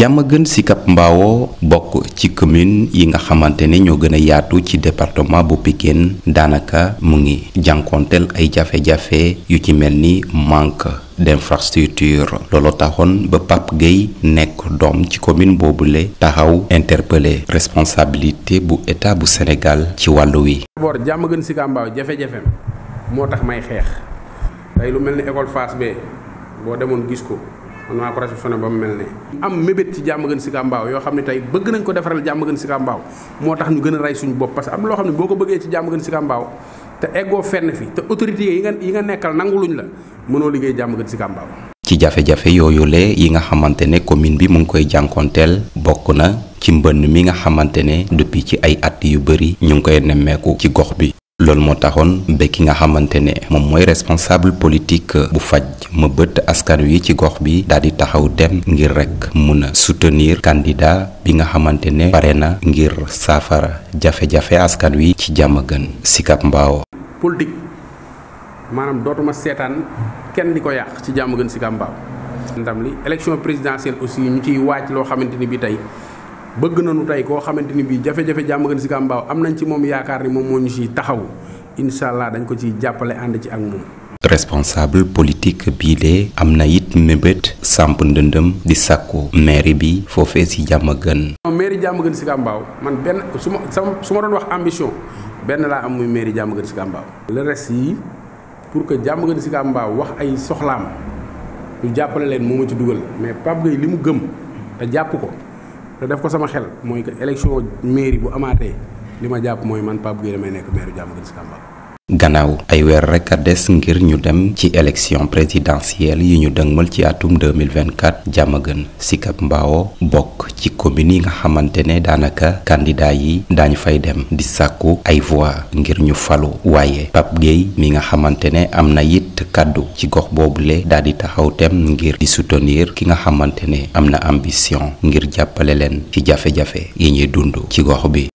gën Sicap Mbao bokk ci commune yi nga xamante ne ñoo gën a yaatu ci département bu Pikine daanaka mu ngi jànkonteel ay jafe-jafe yu ci mel ni manque d'infrastructure looloo taxoon ba Pape Gueye nekk doom ci commune boobule taxaw interpellé responsabilité bu état bu Sénégal ci wàllu wi. d'abord Diamaguène Sicap Mbao moo tax may xeex tey lu mel ni école Fass bee boo demoon gis ko. man maa ko réceptionné ba mu mel ne am mébét ci jàmm gën Sicap yoo xam ne tey bëgg nañ ko defaral jàmm gën Sicap Mbao moo tax ñu gën a rey suñu bopp parce que am loo xam ne boo ko bëggee ci jàmm gën Sicap Mbao te eggoo fenn fi te autorité yi nga yi nga nekkal nanguluñ la mënoo liggéey jàmm gën Sicap Mbao ci jafe-jafe yooyule yi nga xamante ne commune bi mu ngi koy jànkoonteel bokk na ci mbënn mi nga xamante ne depuis ci ay at yu bëri ñu ngi koy nemmeeku ci gox bi loolu moo taxoon ba ki nga xamante ne moom mooy responsable politique bu faj ma bët askan wi ci gox bi daal di taxaw dem ngir rek mun a soutenir candidat bi nga xamante ne pare na ngir saafara jafe-jafe askan wi ci jàmm gën Sicap Mbao. politique dootuma seetaan kenn di ko yàq ci jàmm gën Sicap Mbao. ndam li élection présidentielle aussi ñu ciy waaj loo xamante ni bi tey. bëgg nañu tey koo xamante ni bii jafe-jafe Diamaguène si Mbao am nañ ci moom yaakaar ni moom moo ñu ciy taxaw incha allah dañ ko ciy jàppale ànd ci ak moom. responsable politique bii de am na it mébét samp ndëndëm di sàkku mairie bi foofee si Diamaguène. jàmm mairie Diamaguène Sicap Mbao man benn su ma sama su doon wax ambition benn laa am muy mairie jàmm Sicap si le reste yi pour que jàmm Diamaguène Sicap Mbao wax ay soxlaam ñu jàppale leen moo ma ci dugal mais Pape Gueye li mu gëm jàpp ko. te def ko sama xel mooy que élection mairie bu amaatee li ma jàpp mooy man Pape Gueye damay nekk maire Diamaguène Sicap Mbao gannaaw ay weer rek a des ngir ñu dem ci élection présidentielle yi ñu dëngmal ci atum 2024 Diamaguène Sicap mbawo bokk ci commune yi nga xamante ne daanaka candidat yi daañu fay dem di sàkku ay voix ngir ñu falu waaye Pape Gueye mi nga xamante ne am na it kàddu ci gox boobule daal di taxaw tem ngir di soutenir ki nga xamante ne am na ambition ngir jàppale leen ci jafe-jafe yi ñuy dund ci gox bi